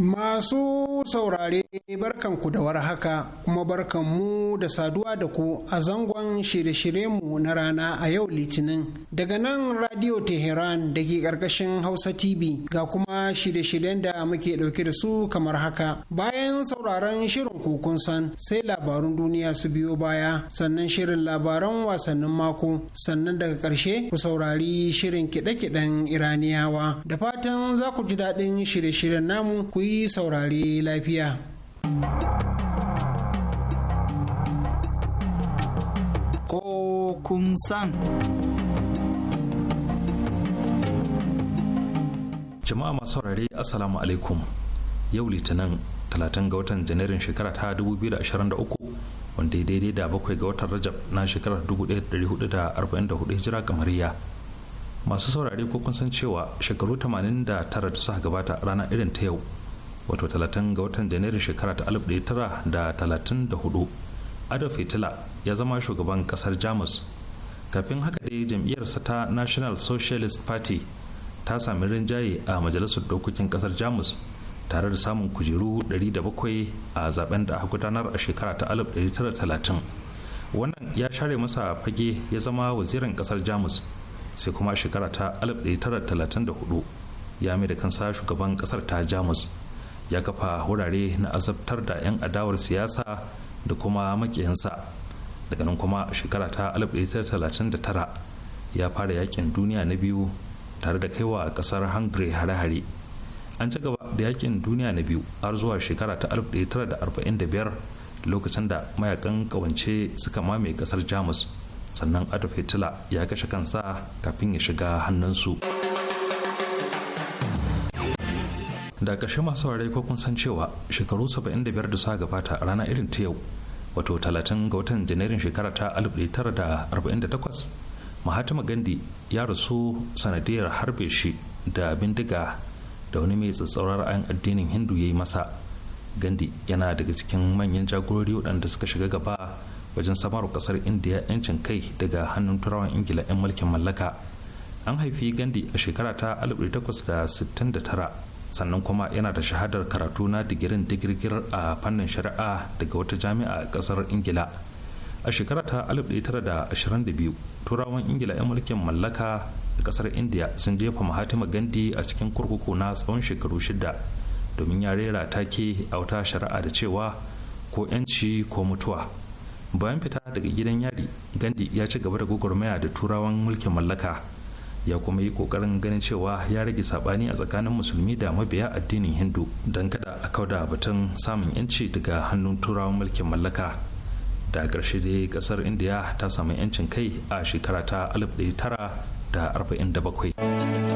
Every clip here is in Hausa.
mas o masu saurare barkanku da haka kuma barkanmu da saduwa da ku a zangon shirye-shiryenmu na rana a yau litinin daga nan radio Tehran da ke karkashin hausa tv ga kuma shirye-shiryen da muke dauke da su kamar haka bayan sauraron shirin kukun san sai labarun duniya su biyo baya sannan shirin labaran wasannin mako sannan daga karshe ku saurari shirin kiɗe-kiɗen iraniyawa da fatan za ku ji daɗin shirye-shiryen namu ku yi saurare lafiya. Ko kun san. Jama'a masu saurare Assalamu alaikum. Yau Litinin talatin ga watan Janairun shekara ta 2023 wanda ya daidai da bakwai ga watan Rajab na shekarar 1444 hijira kamariya. Masu saurare ko kun san cewa shekaru 89 da suka gabata ranar irin ta yau wato 30 ga watan janairu shekara ta 1934 adolf hitler ya zama shugaban kasar jamus kafin haka dai jam'iyyarsa ta national socialist party ta sami rinjaye a majalisar dokokin kasar jamus tare da samun kujeru 700 a zaben da aka gudanar a shekara ta 1930 wannan ya share masa fage ya zama wazirin kasar jamus sai kuma shekara ta 1934 ya mai da kansa shugaban kasar ta jamus ya kafa wurare na azabtar da 'yan adawar siyasa da kuma makiyansa daga nan kuma shekara ta 1939 ya fara yakin duniya na biyu tare da kaiwa kasar hungary hare-hare an ci gaba da yakin duniya na biyu har zuwa shekara ta 1945 lokacin da mayakan kawance suka mame kasar jamus sannan adolf hitler ya kashe kansa kafin ya shiga hannunsu. su da ƙarshe masu saurare ko kun san cewa shekaru 75 da suka gabata a rana irin ta yau wato 30 ga watan janairun shekara ta 1948 mahatma gandhi ya rasu sanadiyar harbe shi da bindiga da wani mai tsatsaurar ayan addinin hindu ya yi masa gandhi yana daga cikin manyan jagorori waɗanda suka shiga gaba wajen samar kasar indiya 'yancin kai daga hannun turawan ingila 'yan mulkin mallaka an haifi gandhi a shekara ta 1869 sannan kuma yana da shahadar karatu na digirin digirgir a fannin shari'a daga wata jami'a a kasar ingila a shekara ta 1922 turawan ingila 'yan mulkin mallaka a kasar india sun jefa mahatima gandhi a cikin kurkuku na tsawon shekaru shida domin ya rera take a wata shari'a da cewa ko 'yanci ko mutuwa bayan fita daga gidan yari gandhi ya ci gaba da gwagwarmaya da turawan mulkin mallaka ya kuma yi kokarin ganin cewa ya rage sabani a tsakanin musulmi da mabiya addinin hindu don kada a kauda batun samun yanci daga hannun turawan mulkin mallaka da karshe dai kasar indiya ta samu yancin kai a shekara ta 1947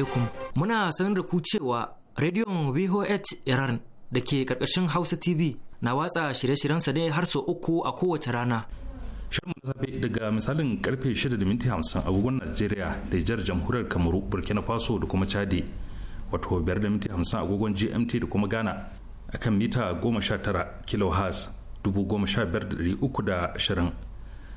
alaikum muna sanar da ku cewa rediyon VOH Iran da ke karkashin Hausa TV na watsa shirye-shiryensa ne har so uku a kowace rana. Shirin safe daga misalin karfe 6:50 agogon Najeriya da jihar jamhuriyar Kamaru, Burkina Faso da kuma Chadi, wato 5:50 agogon GMT da kuma Ghana akan mita 19 kHz 15320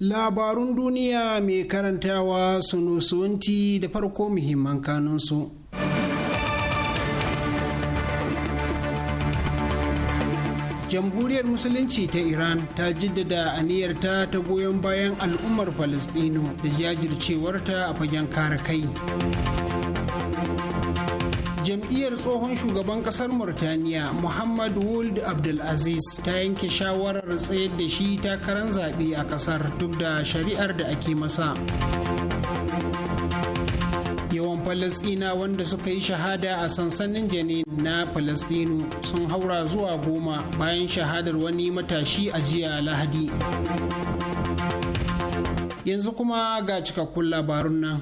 Labarun duniya mai karantawa su sunusunti da farko muhimman kanunsu. Jamhuriyar Musulunci ta Iran ta jaddada aniyarta ta goyon bayan al'ummar Falistinu da jajircewarta a fagen kare kai. jam'iyyar tsohon shugaban kasar murtaniya muhammad wold abdulaziz ta yanke shawarar tsayar da shi takarar zaɓe a kasar duk da shari'ar da ake masa yawan falasɗina wanda suka yi shahada a sansanin janin na falasɗinu sun haura zuwa goma bayan shahadar wani matashi a jiya lahadi yanzu kuma ga cikakkun labarun nan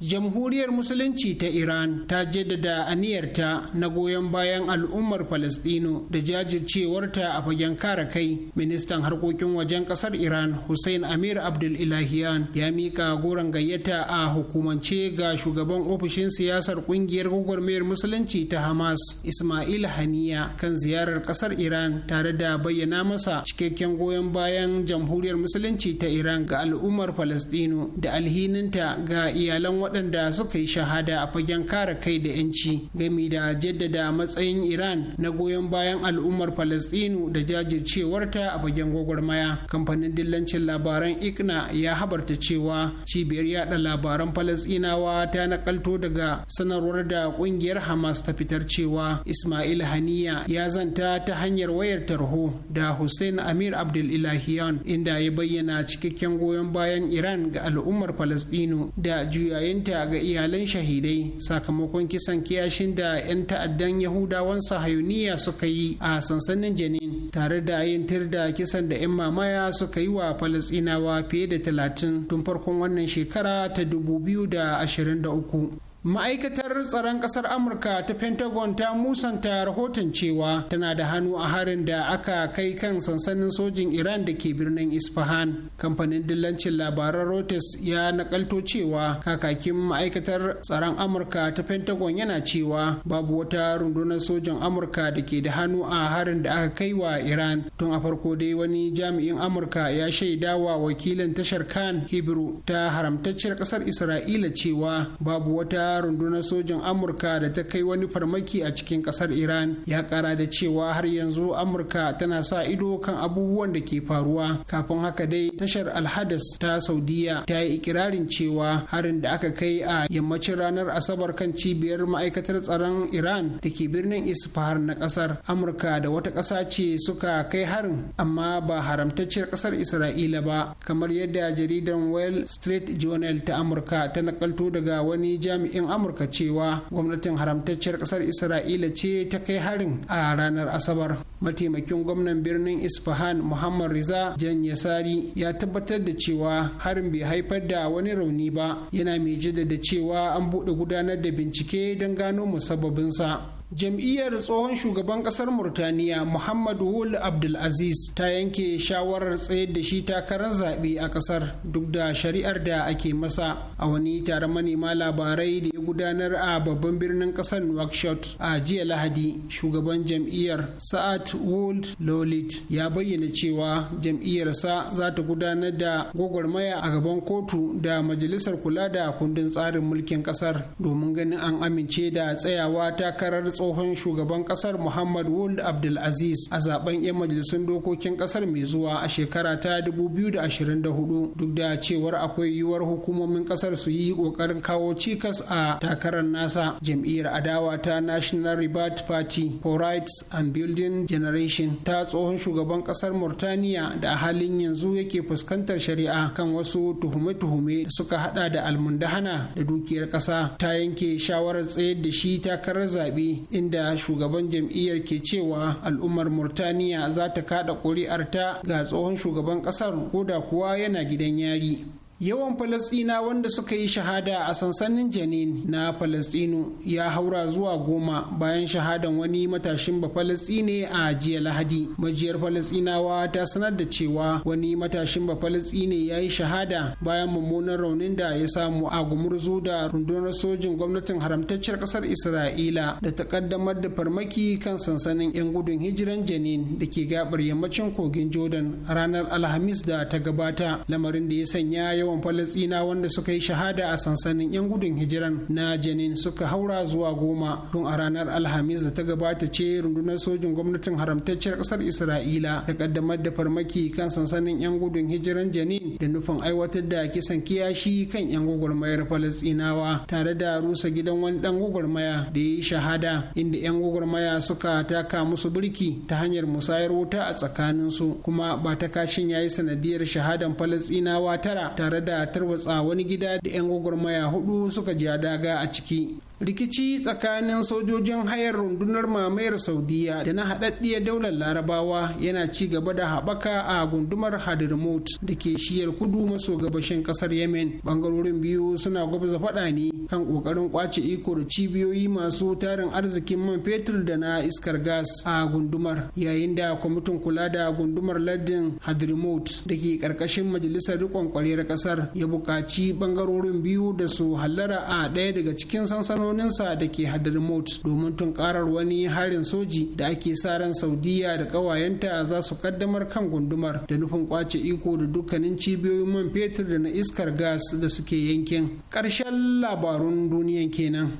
jamhuriyar musulunci ta iran ta jaddada aniyarta na goyon bayan al'ummar palestino da jajircewarta a fagen kara kai ministan harkokin wajen kasar iran hussein amir abdul ilahiyan ya mika goron gayyata a hukumance ga shugaban ofishin siyasar kungiyar gwagwarmayar musulunci ta hamas ismail haniya kan ziyarar kasar iran tare da bayyana masa cikakken goyon bayan jamhuriyar musulunci ta iran ga al'ummar palestino da alhininta ga iyalan waɗanda suka yi shahada a fagen kare kai da 'yanci gami da jaddada matsayin iran na goyon bayan al'ummar palestinu da jajircewarta a fagen gwagwarmaya kamfanin dillancin labaran ikna ya habarta cewa cibiyar yada labaran palestinawa ta nakalto daga sanarwar da kungiyar hamas ta fitar cewa ismail haniya ya zanta ta hanyar wayar tarho da hussein amir abdul ilahiyan inda ya bayyana cikakken goyon bayan iran ga al'ummar palestinu da juyayen ta ga iyalan shahidai sakamakon kisan kiyashin da 'yan ta'addan yahudawan sahayuniya suka yi a sansanin janin tare da yin tir da kisan da 'yan mamaya suka yi wa falasinawa fiye da talatin tun farkon wannan shekara ta 2023 ma'aikatar tsaron kasar amurka ta pentagon ta musanta rahoton cewa tana da hannu a harin da aka kai kan sansanin sojin iran da ke birnin isfahan kamfanin dillancin labaran reuters ya nakalto cewa kakakin ma'aikatar tsaron amurka ta pentagon yana cewa babu wata rundunar sojin amurka da ke da hannu a harin da aka kai wa iran tun a farko dai wani jami'in amurka ya shaida wa wakilin tashar khan hebrew ta haramtacciyar kasar isra'ila cewa babu wata a rundunar sojin amurka da ta kai wani farmaki a cikin kasar iran ya kara da cewa har yanzu amurka tana sa ido kan abubuwan da ke faruwa kafin haka dai tashar alhadas ta saudiya ta yi ikirarin cewa harin da aka kai a yammacin ranar asabar kan cibiyar ma'aikatar tsaron iran da ke birnin isfahar na kasar amurka da wata kasa ce suka kai harin amma ba haramtacciyar kasar isra'ila ba kamar yadda jaridan wall street journal ta amurka ta nakalto daga wani jami'in yankin amurka cewa gwamnatin haramtacciyar kasar isra'ila ce ta kai harin a ranar asabar mataimakin gwamnan birnin isfahan muhammad riza jan yasari ya tabbatar da cewa harin bai haifar da wani rauni ba yana mai jaddada cewa an buɗe gudanar da bincike don gano musabbabinsa jam'iyyar tsohon shugaban kasar murtaniya muhammadu abdul abdulaziz ta yanke shawarar tsayar da shi takarar zaɓe a kasar duk da shari'ar da ake masa a wani taron manema labarai da ya gudanar a babban birnin kasar nouakchott a jiya lahadi shugaban jam'iyyar sa'ad wold lolit ya bayyana cewa jam'iyyarsa za ta gudanar da gwagwarmaya a gaban kotu da majalisar kula da kundin tsarin mulkin kasar domin ganin an amince da tsayawa takarar tsohon shugaban kasar Muhammad Wold Abdulaziz a zaben 'yan majalisun dokokin kasar mai zuwa a shekara ta 2024 duk da cewar akwai yiwuwar hukumomin kasar su yi kokarin kawo cikas a takarar nasa jam'iyyar adawa ta National Rebirth Party for Rights and Building Generation ta tsohon shugaban kasar Murtaniya da a halin yanzu yake fuskantar shari'a kan wasu tuhume-tuhume da suka hada da almundahana da dukiyar kasa ta yanke shawarar tsayar da shi takarar zaɓe inda shugaban jam'iyyar ke cewa al'ummar murtaniya za ta kada ƙuri'arta ga tsohon shugaban ƙasar da kuwa yana gidan yari yawan falasɗina wanda suka yi shahada a sansanin janin na falasɗinu ya haura zuwa goma bayan shahadan wani matashin bafalasɗine a jiya lahadi majiyar falasɗinawa ta sanar da cewa wani matashin bafalasɗine ya yi shahada bayan mummunan raunin da ya samu a gumurzu da rundunar sojin gwamnatin haramtacciyar ƙasar isra'ila da ta ƙaddamar da farmaki kan sansanin 'yan gudun hijiran janin da ke gabar yammacin kogin jordan ranar alhamis da ta gabata lamarin da ya sanya yawan yawan falastina wanda suka yi shahada a sansanin 'yan gudun hijiran na janin suka haura zuwa goma tun a ranar alhamis da ta gabata ce rundunar sojin gwamnatin haramtacciyar kasar isra'ila ta kaddamar da farmaki kan sansanin 'yan gudun hijiran janin da nufin aiwatar da kisan kiyashi kan 'yan gwagwarmayar falastinawa tare da rusa gidan wani dan gwagwarmaya da ya yi shahada inda 'yan gwagwarmaya suka taka musu birki ta hanyar musayar wuta a tsakaninsu kuma ba ta kashin ya yi sanadiyar shahadan falastinawa tara tare tare da tarwatsa wani gida da 'yan gwagwarmaya hudu suka ja daga a ciki rikici tsakanin sojojin hayar rundunar mamayar saudiya da na haɗaɗɗiya daular larabawa yana ci gaba da haɓaka a gundumar hadrimot da ke shiyar kudu maso gabashin ƙasar yemen ɓangarorin biyu suna gwabza faɗa ne kan ƙoƙarin ƙwace iko da cibiyoyi masu tarin arzikin man fetur da na iskar gas a gundumar yayin da kwamitin kula da gundumar ladin hadrimot da ke ƙarƙashin majalisar riƙon ƙwaryar ƙasar ya buƙaci ɓangarorin biyu da su hallara a ɗaya daga cikin sansanoni sansanoninsa da ke hadramaut domin tunkarar wani harin soji da ake sa ran saudiya da kawayenta za su kaddamar kan gundumar da nufin kwace iko da dukkanin cibiyoyin man fetur da na iskar gas da suke yankin karshen labarun duniyan kenan.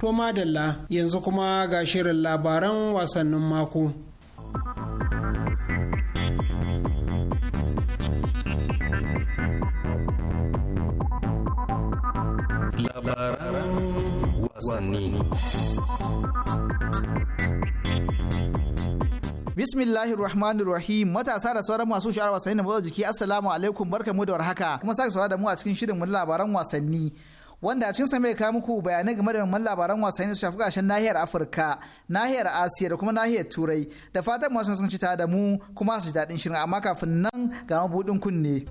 To madalla yanzu kuma ga shirin labaran wasannin mako. wasanni Bismillahir Rahmanir Rahim matasa da sauran masu sha'ar wasanni da motsa jiki assalamu alaikum barkamu da warhaka kuma sake saurara da mu a cikin shirin mun labaran wasanni wanda a cikin mai kawo muku bayanai game da mamman labaran wasanni su shafi nahiyar Afirka nahiyar Asiya da kuma nahiyar Turai da fatan masu sun ci da mu kuma su ji daɗin shirin amma kafin nan ga mabudin kunne.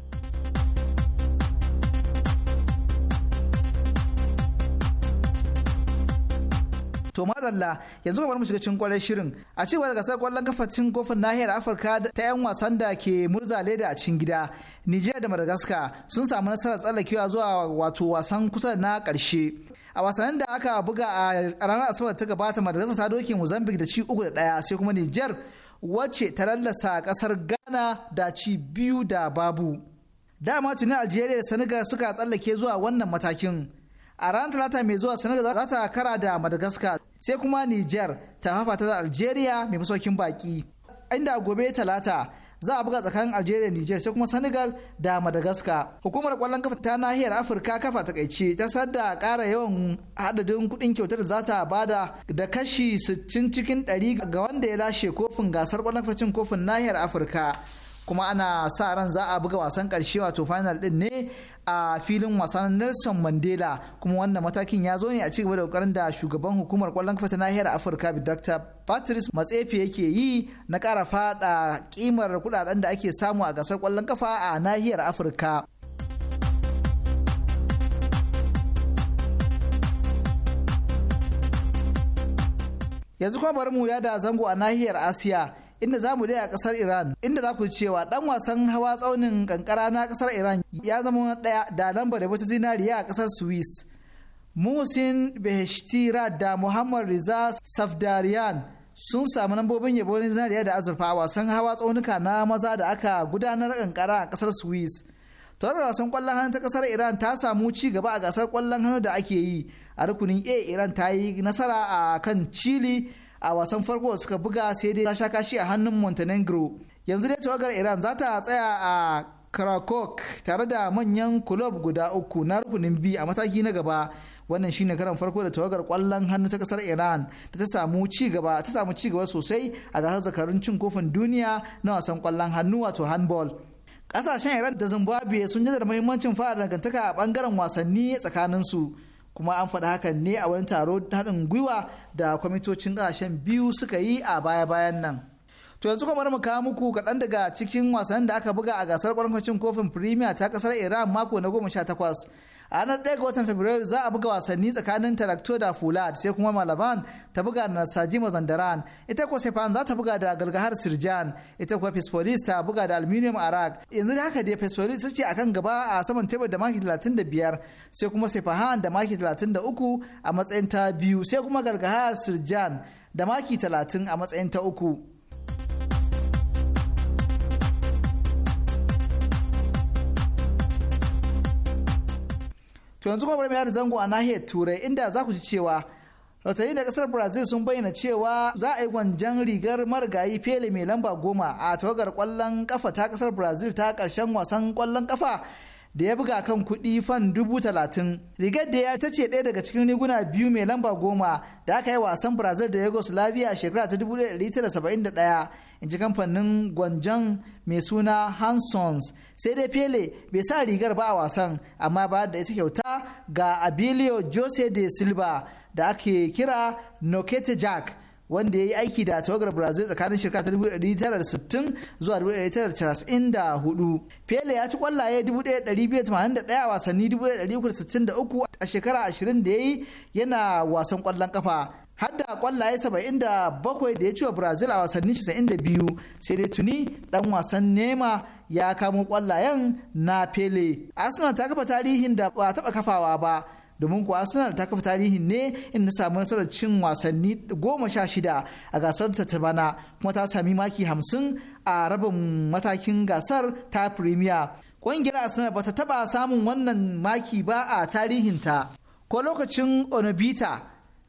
To madalla yanzu kamar mu shiga cikin kwarar shirin a cewar gasar kwallon kafa cin kofin nahiyar Afirka ta 'yan wasan da ke murza leda a cikin gida. Nijiya da Madagascar sun samu nasarar tsallakewa zuwa wato wasan kusa na karshe a wasannin da aka buga a ranar asabar ta gabata madagascar ta doke mozambique da ci uku da daya sai kuma niger wacce ta lallasa kasar ghana da ci biyu da babu dama tuni algeria da senegal suka tsallake zuwa wannan matakin a ranar talata mai zuwa senegal za ta kara da madagascar sai kuma niger ta hafa ta algeria mai masaukin baki inda gobe talata za a buga tsakanin algeria niger sai kuma senegal da madagascar hukumar kwallon kafa ta nahiyar afirka kafa takaice ta sadda kara yawan adadin kudin kyautar za ta bada da kashi 60 cikin 100 ga wanda ya lashe kofin gasar kwallon kafa cin kofin nahiyar afirka kuma ana sa ran za a buga wasan karshe wato final din ne a filin wasan Nelson Mandela kuma wannan matakin ya zo ne a cigaba da kokarin da shugaban hukumar kwallon kafa ta nahiyar Afirka Dr. Patrice Matsefe yake yi na ƙara fada kimar kudaden da ake samu a gasar kwallon kafa a nahiyar Afirka. Yanzu kuma bari mu ya da zango a nahiyar Asiya inda za mu dai a kasar Iran inda za ku cewa dan wasan hawa tsaunin kankara na kasar Iran ya zama daya da lambar da wata zinariya a kasar Swiss. Musin Beheshtira da Muhammad Riza Safdarian sun samu lambobin yabo na zinariya da azurfa a wasan hawa tsaunuka na maza da aka gudanar kankara a kasar Swiss. Tare wasan kwallon hannu ta kasar Iran ta samu ci gaba a gasar kwallon hannu da ake yi a rukunin A Iran ta yi nasara a kan Chile a wasan farko suka buga sai dai ta sha kashi a hannun montenegro yanzu dai tawagar iran za ta tsaya a krakow tare da manyan kulob guda uku na rukunin biyu a mataki na gaba wannan shine karan farko da tawagar kwallon hannu ta kasar iran da ta samu ci gaba ta samu ci gaba sosai a gasar zakarun cin kofin duniya na wasan kwallon hannu wato handball kasashen iran da zimbabwe sun jaddada muhimmancin fara dangantaka a bangaren wasanni tsakaninsu kuma an faɗa hakan ne a wani taro haɗin gwiwa da kwamitocin ƙasashen biyu suka yi a baya-bayan nan. To yanzu kamar mu kawo muku kaɗan daga cikin wasannin da aka buga a gasar kwalmacin kofin Premier ta ƙasar Iran mako na goma sha takwas a ranar 1 ga watan fabrairu za a buga wasanni tsakanin tarakto da fulad sai kuma malaban ta buga da nasaji zandaran ita kuwa sefan za ta buga da galgahar sirjan ita kuwa fesfolis ta buga da aluminium arak yanzu da haka dai fesfolis ce a kan gaba a saman tebur da maki 35 sai kuma sefahan da maki 33 a matsayin ta biyu sai kuma galgahar sirjan da maki 30 a matsayin ta uku. To yanzu kuma bari zango a nahiyar Turai inda za ku ji cewa rautayi da kasar Brazil sun bayyana cewa za a yi gwanjan rigar marigayi fele mai lamba goma a tawagar kwallon kafa ta kasar Brazil ta karshen wasan kwallon kafa da ya buga kan kuɗi fan dubu talatin. Rigar da ya ta ce ɗaya daga cikin riguna biyu mai lamba goma da aka yi wasan Brazil da Yugoslavia a shekara ta dubu ɗaya in ji kamfanin Gwanjan mai suna Hansons. Sai dai Pele bai sa rigar ba a wasan amma ba da ita kyauta ga Abilio Jose de Silva da ake kira Nokete Jack. wanda ya yi aiki da tawagar brazil tsakanin shirka ta 1960 zuwa 1994 pele ya ci kwallaye 1281 a wasanni 1363 a shekara 20 da ya yi yana wasan kwallon kafa har da kwallaye 77 da ya ci wa brazil a wasanni 92 sai dai tuni dan wasan nema ya kamo kwallayen na pele arsenal ta kafa tarihin da ba taba kafawa ba domin kuwa arsenal ta kafa tarihin ne inda samu nasarar cin wasanni goma sha shida a gasar ta bana kuma ta sami maki hamsin a rabin matakin gasar ta premier ƙungiyar arsenal ba ta taɓa samun wannan maki ba a tarihinta ko lokacin onobita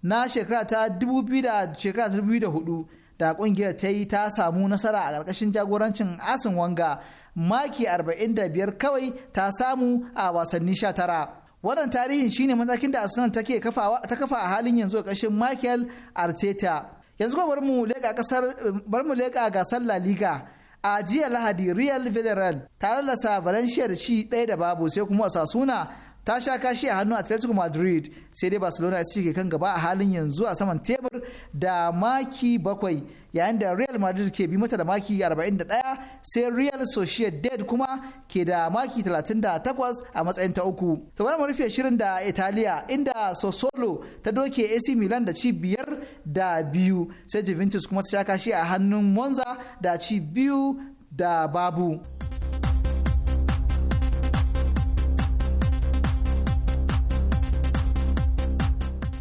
na shekara ta 2004 da ƙungiyar ta yi ta samu nasara a ƙarƙashin jagorancin asin wanga maki 45 kawai ta samu a wasanni 19 wannan tarihin shine matakin da arsenal take ta kafa a halin yanzu a ƙarshen michael arteta yanzu ko bar mu leƙa kasar bar mu leƙa gasar la liga a jiya lahadi real villarreal ta da sa valencia da shi ɗaya da babu sai kuma osasuna ta sha kashi a hannun atletico madrid sai dai barcelona ci ke kan gaba a halin yanzu a saman tebur da maki bakwai yayin da real madrid ke bi mata da maki 41 sai real sociedad kuma ke da maki 38 a matsayin ta uku to bari mu rufe shirin da italiya inda sosolo ta doke ac milan da ci biyar da biyu sai juventus kuma ta sha kashi a hannun monza da ci biyu da babu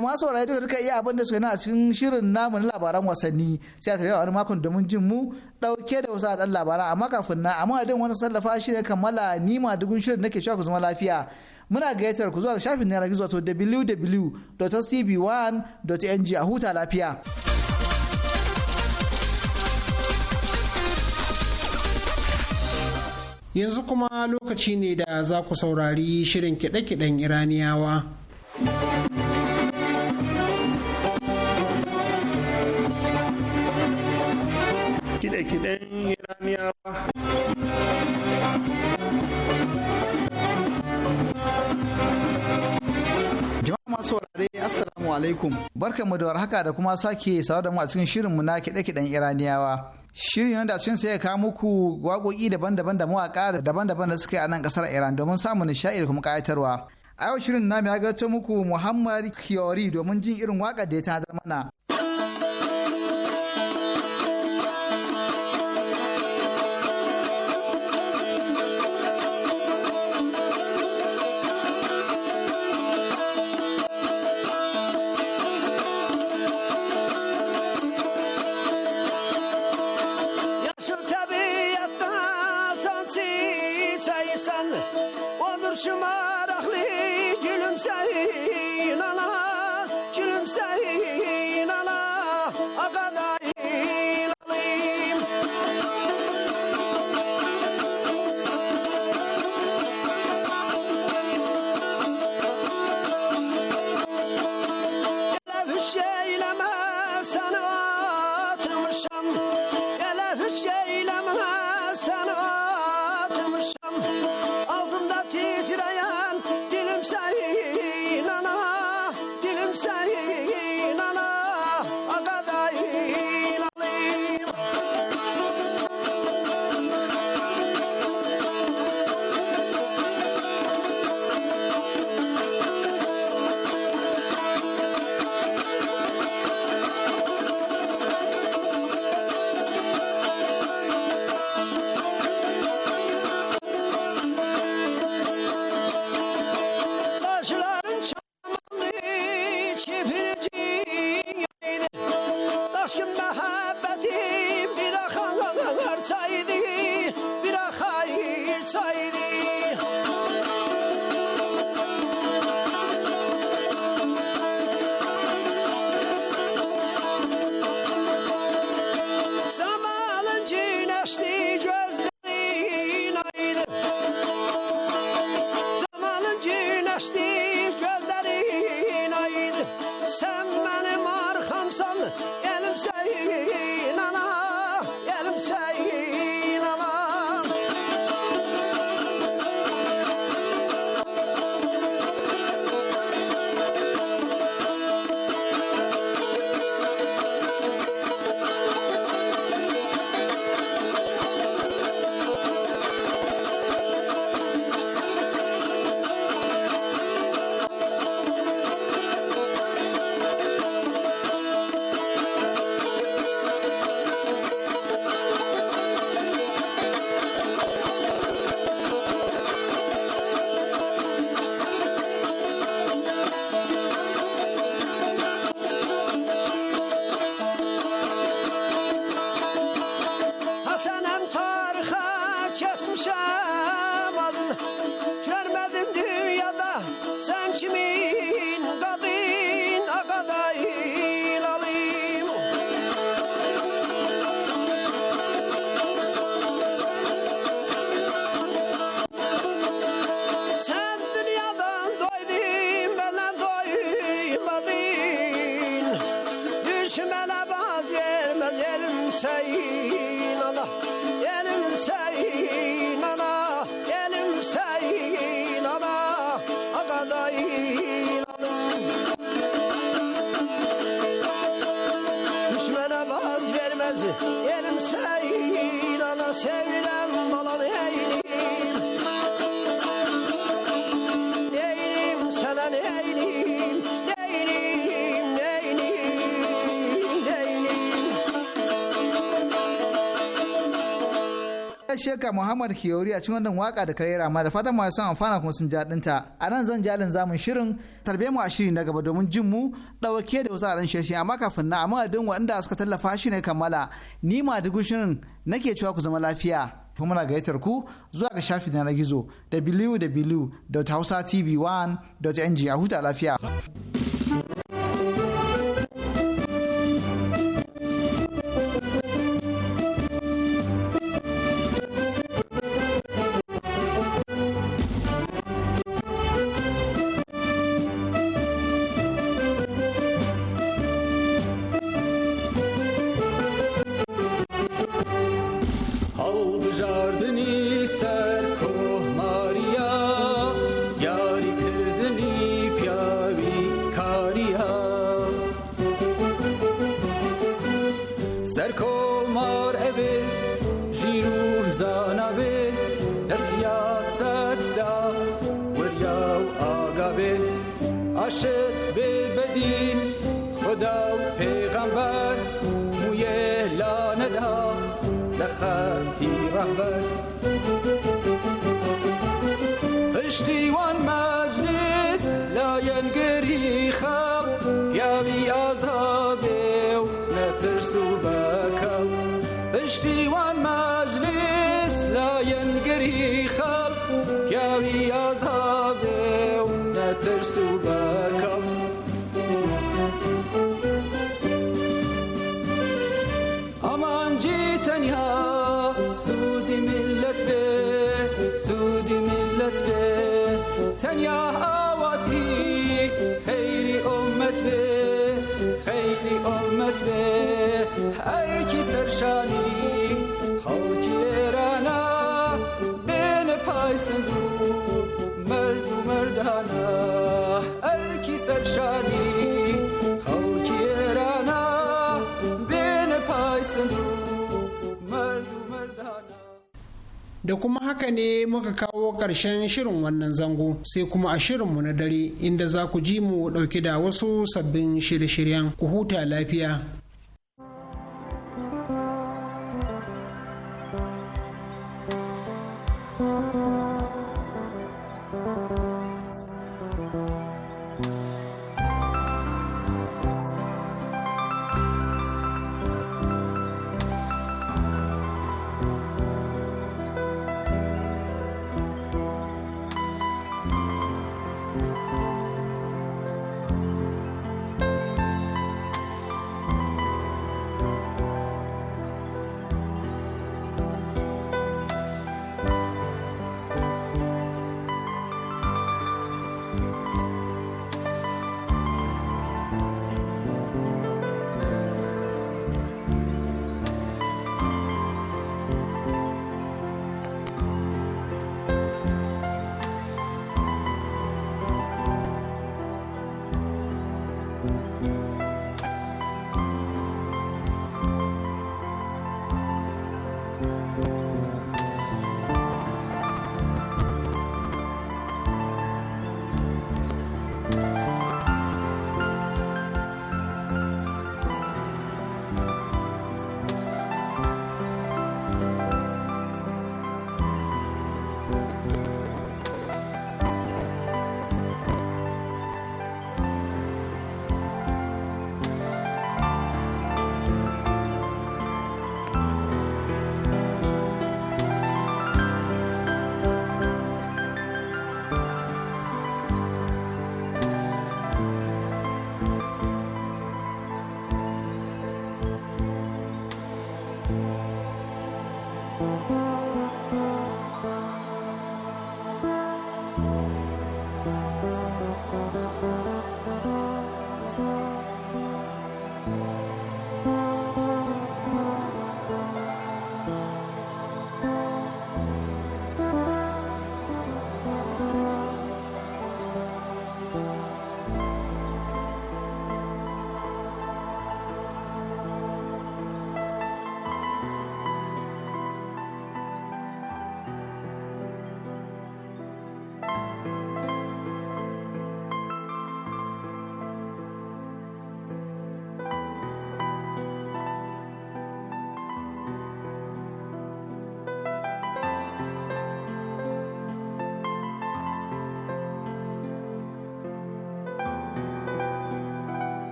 to masu saurari da duka iya abin da suka yi a cikin shirin namu na labaran wasanni sai a tare wani makon domin jin mu dauke da wasu dan labaran amma kafin na amma din wani sallafa shi ne kammala nima dugun shirin nake cewa ku zama lafiya muna gayyatar ku zuwa shafin na gizo to www.tv1.ng a huta lafiya. Yanzu kuma lokaci ne da za ku saurari shirin kiɗe-kiɗen Iraniyawa. jama'a masu wurare assalamu alaikum mu da warhaka da kuma sake sawa da mu a cikin shirinmu na kiɗe-kiɗen iraniyawa shirin wanda cin sai ya kawo muku waƙoƙi daban-daban da mawaƙa daban-daban da suka yi a nan ƙasar iran domin samun nishaɗi da kuma ƙayatarwa a yau shirin na ya gato muku muhammad Kiyori domin jin irin waƙar da ya tanadar mana gaishe ka Muhammad Kiyori a cikin wannan waka da karera amma da fatan masu amfana kuma sun ja ta. A nan zan jalin zamun shirin tarbe mu a shiri na gaba domin jin mu dauke da wasu aran sheshi amma kafin na amma adin waɗanda suka tallafa shi ne kammala ni ma dugu shirin nake cewa ku zama lafiya. Kuma muna gayyatar ku zuwa ga shafi na gizo www.hausatv1.ng a huta lafiya. prachtbui. Is die one به تنیا آواتی خیری امت به خیری امت به هر کی سرشانی خاکی رانا بین پایسن رو مرد و مردانا هر کی سرشانی da kuma haka ne muka kawo ƙarshen shirin wannan zango sai kuma a shirinmu na dare inda za ku ji mu ɗauki da wasu sabbin shirye-shiryen ku huta lafiya